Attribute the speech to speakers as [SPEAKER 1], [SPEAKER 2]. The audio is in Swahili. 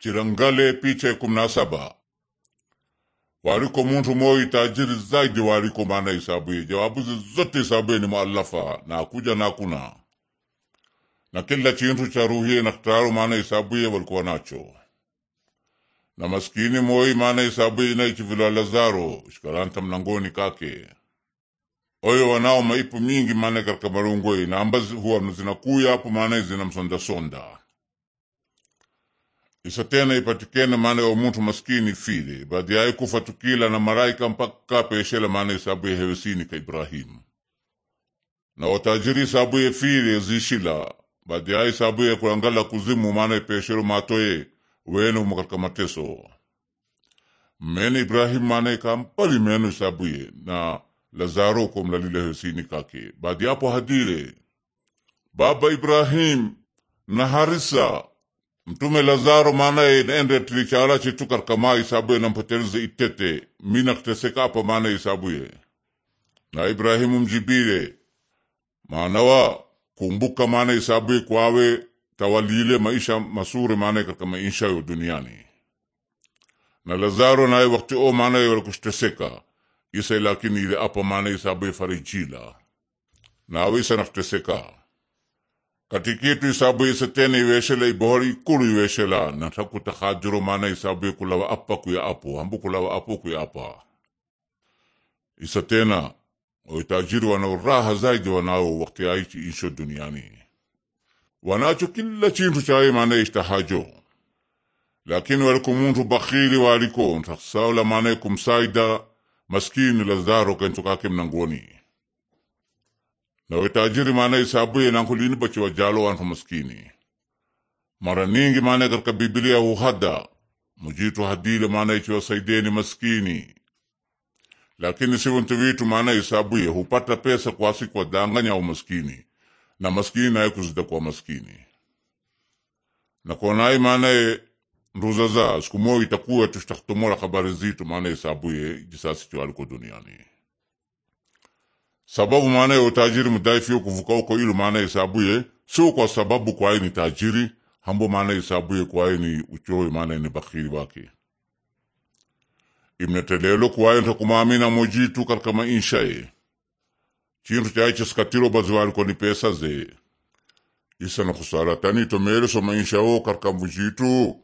[SPEAKER 1] chirangale picha ikumi na saba wariko muntu moi tajiri zaidi wariko maana ye jawabu zote ye ni maalafa na akuja na akuna na kila chintu cha ruhiye na kitaru maana ye walikuwa nacho na maskini moi maana hisabuye inaichivila lazaro shikaranta mlangoni kake oyo wanao maipu mingi maana katika marungoi na ambazi huwa zinakuya hapo maana zinamsondasonda isatena ipatikene maana ya muntu maskini ifile baadhi yaye kufa tukila na maraika mpaka peshela maana ya hewesini ka Ibrahimu na watajiri ya file zishila baadi yaye ya kulangala kuzimu maana ipeshelo matoye wenu mukatika mateso mene Ibrahimu maana ikampali menu isabuye na Lazaro komlalile hewesini kake baadhi yapo hadire baba Ibrahim na Harisa mtume lazaro manaye naende tilichala chitu katika isabuye nampoteleze itete minakuteseka apa mana isabuye na ibrahimu mjibile manawa kumbuka maana isabuye kwawe tawalile maisha masure maana katika maisha yo duniani na lazaro naye wakti o manaye walikuteseka isa lakini ile apa mana isabuye farijila nawe isa nakuteseka katikitu isabu isetene iweshela ibohori ikulu iweshela nathaku tahajuru mana isabu kulawa apa kuya apu hambu kulawa apu kuya apa isatena oitajiri wana uraha zaidi wanao wakti aichi insho duniani wanacho kila chintu chaye mana ishtahajo lakini waliko muntu bakhiri waliko ntasaula mana kumsaida maskini lazaro kentukake mnangoni na wetajiri maana isabu isabuye nankulini bachi wajalo wantu maskini mara ningi maana katika Biblia uhada mujitu hadile maana ichi ichiwasaideni maskini lakini si siwontu vitu maana isabu ye hupata pesa kwasi kuwadanganya au maskini na maskini naye kuzida kwa maskini na konayi maanaye nduza za siku moja itakuwa tushtakutomola habari zitu maana isabu ye jisasi chiwaliko duniani sababu maana ya utajiri mudaifiyo kuvuka uko ilu maana isabuye sio kwa sababu kwaye ni tajiri hambo maana isabuye kwaye ni uchoyo maana ni bakiri wake imnetelelo kwaye ntakumamina mojitu katika mainshaye chintu chaye chesikatiro baziwaliko ni pesa ze isa na kusara tani tomeleso o katika mujitu